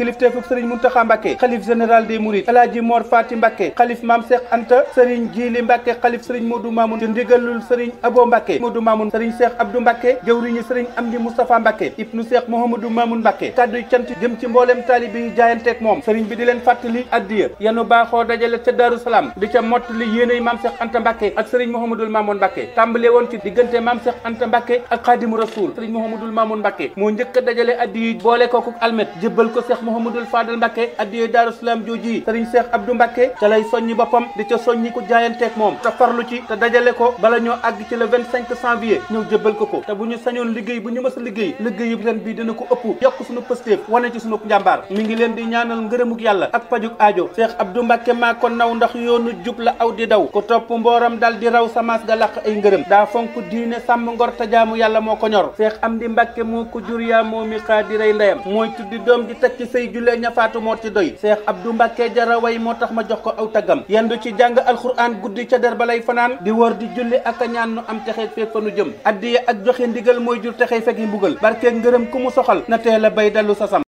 kilifteefuk sëriñ Muntaxa Mbàkke xalif général des Mourides alaaji Mor Faati Mbàkke xalif Maam Cheikh Anta sëriñ Jiili Mbàkke xalif sëriñ Modou Mamoun ci ndigalul sëriñ Abo Mbàkke Modou Mamoun sëriñ Cheikh Abdou Mbàkke jëwriñu sëriñ Amdi Moustapha Mbàkke ibnu Cheikh Mouhamadou Mamoun Mbàkke kàdduy cant jëm ci mbooleem taalibe yi jaayanteeg moom sëriñ bi di leen fàttali addiya yanu baaxoo dajale ca Daaru di ca mottali yéeney Maam Maam Cheikh Anta Mbàkke ak sëriñ Mouhamadul Mamoun Mbàkke moo a Mouhamadul Fadel Mbacke addiyee Daaru Salaam jooji Serigne Cheikh Abdou Mbacke ca lay soññi boppam di ca soññi te dajale ko bala ñoo àgg ci le 25 janvier ñëw jébbal ko ko te bu ñu sañoon liggéey bu ñu mës a liggéey liggéey bi ren bii dina ko ëpp yokk suñu pëstéef wane ci suñu njàmbaar mi ngi leen di ñaanal ngërëmuk yàlla ak pajuk aajo Cheikh Abdou Mbacke maa ko naw ndax yoonu jub la aw di daw ko topp mbooram dal di raw samaas ga làq ay ngërëm daa fonk diine sàmm ngor te jaamu yàlla moo ko ñor seex am di mbakke moo ko jur yaa moo mi xaadiray ndeyam mooy tuddi doom di teg ci sëy jullee ña moo ci doy seex abdu mbàkke jara way moo tax ma jox ko aw taggam yendu ci jàng alxuraan guddi ca der ba lay fanaan di wër di julli ak a ñaan nu am texee fépp fa nu jëm addiya ak joxe ndigal mooy jur texe fekk yi mbugal barkeeg ngërëm ku mu soxal na teel la bay dalu sasam